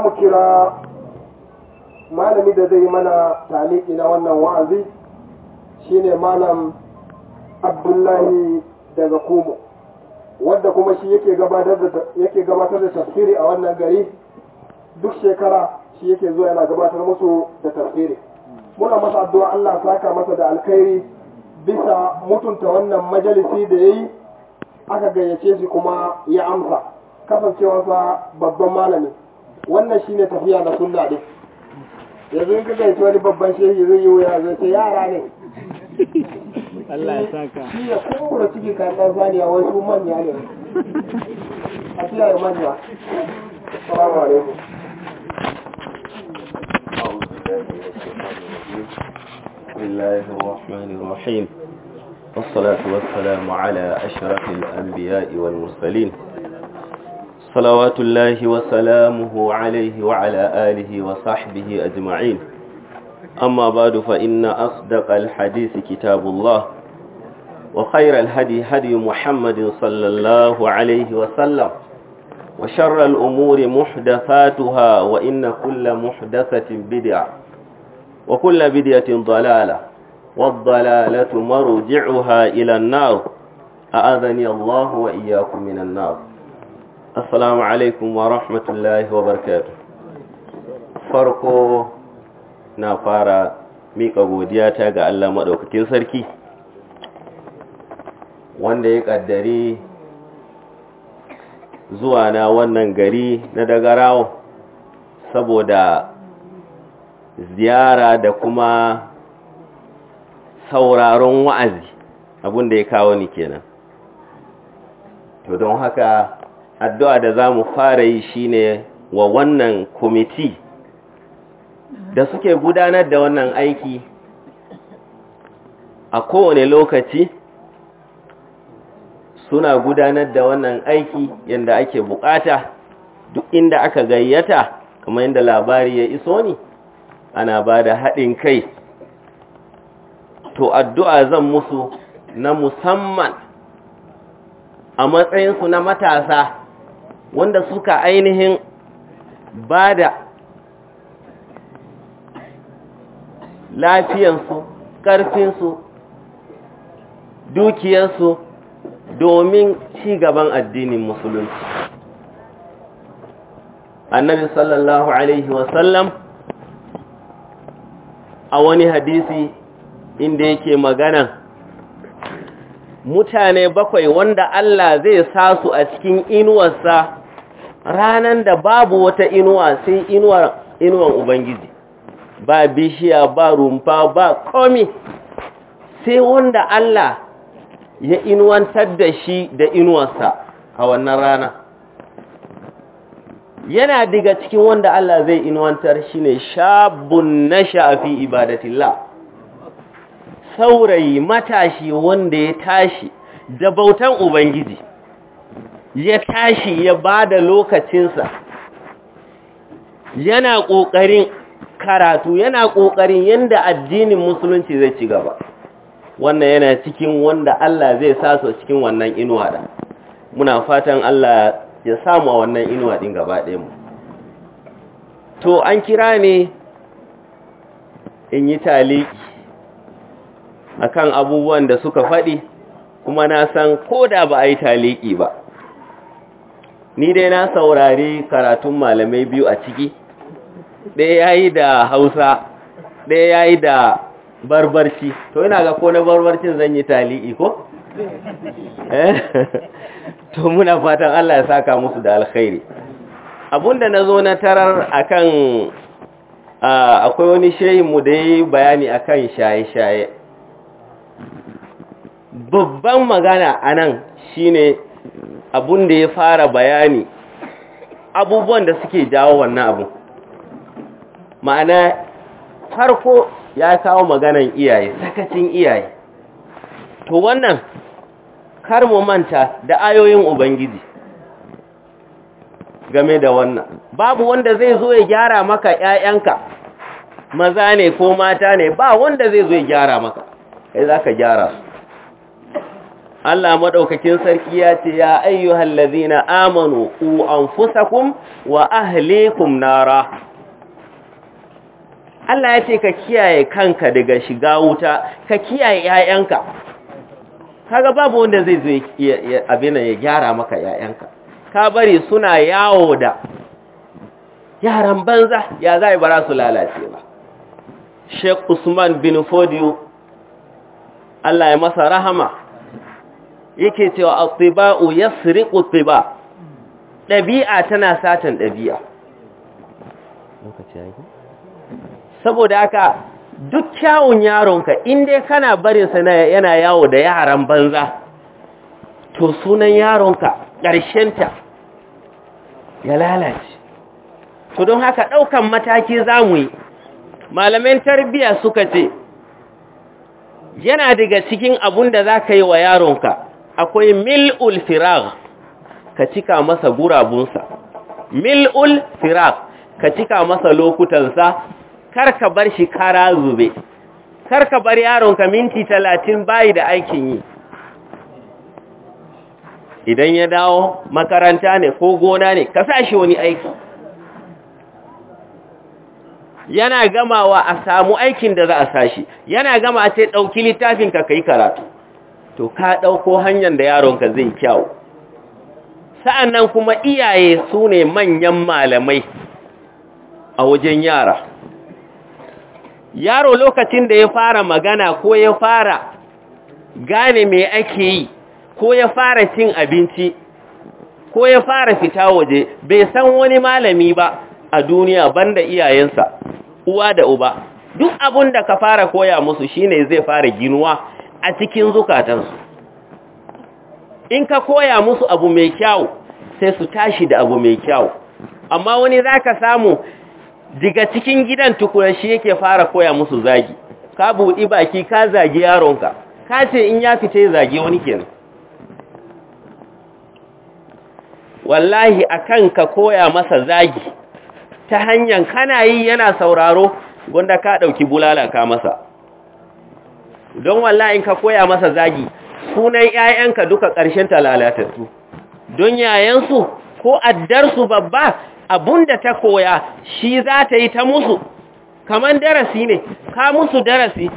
mu kira malami da zai mana taliki na wannan wa'azi shine malam abdullahi daga kumo wadda kuma shi yake gabatar da tafsiri a wannan gari duk shekara shi yake zuwa yana gabatar musu da tafsiri muna masa addu'a Allah saka masa da alkhairi bisa mutunta wannan majalisi da yayi aka gayyace shi kuma ya amsa kasancewarsa babban malami wannan shine tafiya na sunna din yanzu in ka gaisa wani babban shehi zai yi wuya zai ce yara ne Allah ya saka shi ya kuma ciki kakar saniya wai su manya ne a kiyaye manya salamu alaikum بسم الله الرحمن الرحيم والصلاة والسلام على أشرف الأنبياء والمرسلين صلوات الله وسلامه عليه وعلى آله وصحبه أجمعين أما بعد فإن أصدق الحديث كتاب الله وخير الهدي هدي محمد صلى الله عليه وسلم وشر الأمور محدثاتها وإن كل محدثة بدعة وكل بدعة ضلالة والضلالة مرجعها إلى النار أعذني الله وإياكم من النار assalamu alaikum wa rahmatullahi wa barkatu farko na fara miƙa godiyata ga Allah maɗaukakin sarki wanda ya ƙaddari zuwa na wannan gari na dagarawo saboda ziyara da kuma sauraron wa'azi abinda ya kawo ni kenan to don haka addu'a da za mu fara yi shi ne wa wannan kwamiti da suke gudanar da wannan aiki a kowane lokaci suna gudanar da wannan aiki yadda ake bukata duk inda aka gayyata kamar yadda labari ya iso ni ana ba da haɗin kai to addu'a zan musu na musamman a matsayinsu na matasa wanda suka ainihin ba da lafiyansu ƙarfinsu dukiyarsu domin ci gaban addinin musulunci annabi sallallahu alaihi wasallam a wani hadisi inda yake magana mutane bakwai wanda Allah zai sa su a cikin inuwarsa ranan da babu wata inuwa sai inuwar inuwan ubangiji ba bishiya ba rumfa ba komi sai wanda Allah ya inuwantar da shi da inuwarsa a wannan rana yana daga cikin wanda Allah zai inuwantar shi ne shabun na shafi ibadatillah saurayi matashi wanda ya tashi da bautan ubangiji ya tashi ya ba da lokacinsa yana ƙoƙarin karatu yana ƙoƙarin yadda addinin musulunci zai ci gaba wannan yana cikin wanda Allah zai saso cikin wannan inuwa da muna fatan Allah ya samu a wannan inuwa ɗin gaba mu to an kira ne in yi taliki kan abubuwan da suka faɗi kuma na san ko da ba a yi taliki ba ni dai na saurari karatun malamai biyu a ciki ɗaya ya yi da hausa ɗaya ya yi da barbarci to yana ga ko na barbarcin zan yi tali'i ko? Eh? to muna fatan Allah ya saka musu da alkhairi abunda na zo na tarar akan akwai wani shehinmu da ya yi bayani akan shaye-shaye babban magana a nan ne. abun da ya fara bayani abubuwan da suke jawo wannan abu ma'ana farko ya kawo maganan iyaye sakacin iyaye to wannan kar mu manta da ayoyin ubangiji game da wannan babu wanda zai zo ya gyara maka ƴaƴanka maza ne ko mata ne ba wanda zai zo ya gyara maka kai zaka gyara su Allah madaukakin sarki ya ce ya ayyuhal ladina amanu ku anfusakum wa ahlikum nara Allah ya ce ka kiyaye kanka daga shiga wuta ka kiyaye Ka kaga babu wanda zai zo abin ya gyara maka 'ya'yanka. ka bari suna yawo da yaran banza ya za bara su lalace ba Sheikh Usman bin Fodio, Allah ya masa rahama yake cewa al-tiba'u yasriqu tiba dabi'a tana satan dabi'a lokaci yake saboda haka duk kyawun yaronka in dai kana barin sa yana yawo da yaran banza to sunan yaronka ta ya lalace to don haka ɗaukan mataki zamu yi malamin tarbiyya suka ce yana daga cikin abun da za ka yi wa yaronka akwai mil'ul firar ka cika masa gurabunsa mil'ul firag ka cika masa lokutansa kar ka bar shi kara zube kar ka bar yaronka minti talatin bayi da aikin yi idan ya dawo makaranta ne ko gona ne ka sa shi wani aiki yana gamawa a samu aikin da za a sashi yana gama a ce ɗauki littafin ka yi karatu to ka ɗauko hanyar da yaronka zai kyau sa'annan kuma iyaye su ne manyan malamai a wajen yara yaro lokacin da ya fara magana ko ya fara gane me ake yi ko ya fara cin abinci ko ya fara fita waje bai san wani malami ba a duniya banda iyayensa uwa da uba duk abin da ka fara koya musu shine zai fara ginuwa a cikin zukatansu in ka koya musu abu mai kyau sai su tashi da abu mai kyau amma wani za ka samu daga cikin gidan tukura shi yake fara koya musu zagi ka buɗi baki ka zagi yaronka ka ce in ya fice zagi wani kenan wallahi akan ka koya masa zagi ta hanyar kana yi yana sauraro gwanda ka ɗauki bulala ka masa don wallahi in ka koya masa zagi sunan 'ya'yanka duka ƙarshen ta don yayansu ko addarsu babba abunda ta koya shi za ta yi ta musu kaman darasi ne ka musu darasi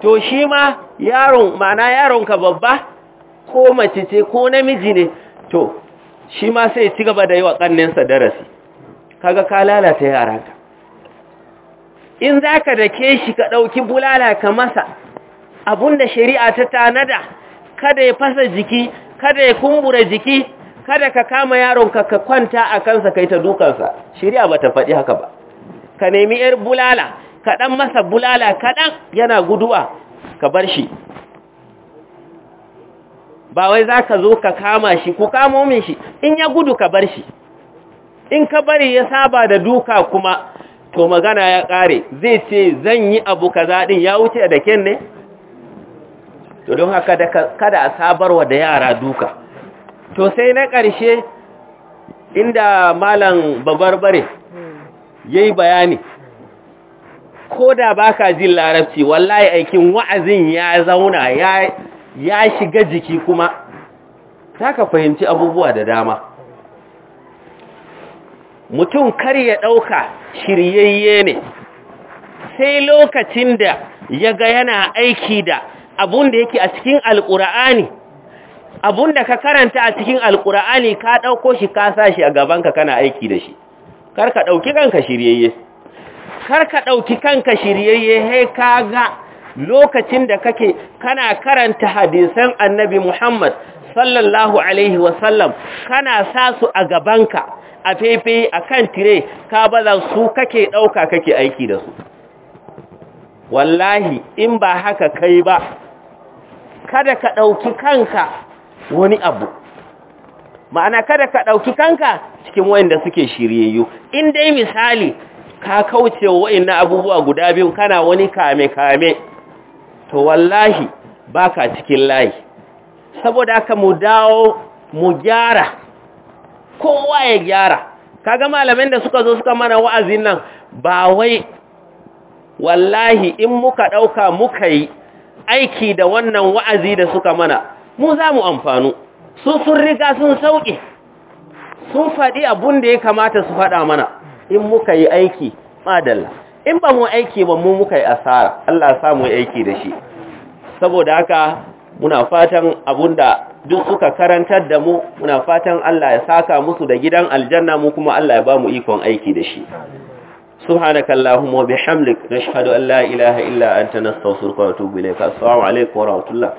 to shi ma yaron yaronka babba ko mace ce ko namiji ne to shi ma sai ci gaba da yi wa ƙannensa darasi kaga ka lalata yaranka in za ka dake shi ka ɗauki bulala ka masa da shari'a ta tanada kada ya fasa jiki kada ya kumbura jiki kada ka kama yaronka ka kwanta a kansa kai ta dukansa shari'a ba ta faɗi haka ba ka nemi ‘yar bulala kaɗan masa bulala kaɗan yana guduwa ka bar shi ba wai za ka zo ka kama shi ku kamo min shi in ya gudu ka bar shi in ka bari ya saba da duka kuma to magana ya ƙare zai ce zan yi abu kaza zaɗin ya wuce da ken ne to don haka kada a sabarwa da yara duka to sai na ƙarshe inda malam babarbare ya yi bayani ko da ba ka jin larabci wallahi aikin wa'azin ya zauna ya shiga jiki kuma Ta ka fahimci abubuwa da dama mutum kar ya ɗauka shiryayye ne sai lokacin da ya ga yana aiki da abun da yake a cikin alƙura'ani abun da ka karanta a cikin alƙura'ani ka ɗauko shi ka sa shi a gabanka kana aiki da shi kar ka ɗauki kanka shiryayye kar ka ɗauki kanka shiryayye sai ka ga lokacin da kake kana karanta hadisan annabi Muhammad sallallahu alaihi wasallam kana sa su a gabanka a fefe a kan tire ka baza su kake ɗauka kake aiki da su wallahi in ba haka kai ba kada ka ɗauki kanka wani abu ma'ana kada ka ɗauki kanka cikin wayanda suke shiryayyu in dai misali ka kauce wa'in wayannan abubuwa guda biyu kana wani kame kame to wallahi baka cikin layi saboda aka mu dawo mu gyara kowa ya gyara kaga malamin da suka zo suka mana wa'azin nan ba wai wallahi in muka ɗauka muka yi aiki da wannan wa'azi da suka mana mu za mu amfanu su sun riga sun sauƙi sun faɗi abun da ya kamata su faɗa mana in muka yi aiki madalla in ba mu aiki ba mu muka yi asara Allah ya samu aiki da shi saboda haka muna fatan abunda duk suka karantar da mu muna fatan Allah ya saka musu da gidan aljanna mu kuma Allah ya ba mu ikon aiki da shi subhanakallahumma bihamdik nashhadu an la ilaha illa anta nastaghfiruka wa natubu ilayka assalamu alaykum wa rahmatullah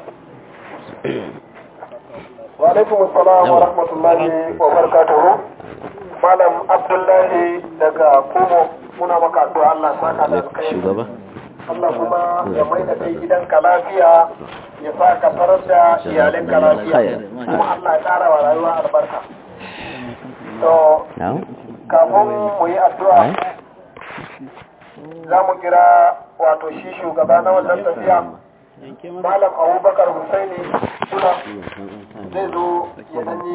wa alaykum assalam wa rahmatullahi wa barakatuh malam abdullahi daga komo muna maka addu'a Allah saka da kai shugaba Allah kuma ya mai da kai gidanka lafiya ya sa ka tarar da iyalinka lafiya kuma Allah ya kara wa rayuwa albarka to kafin mu yi addu'a za mu kira wato shi shugaba na wannan tafiya malam abubakar husaini suna zai zo ya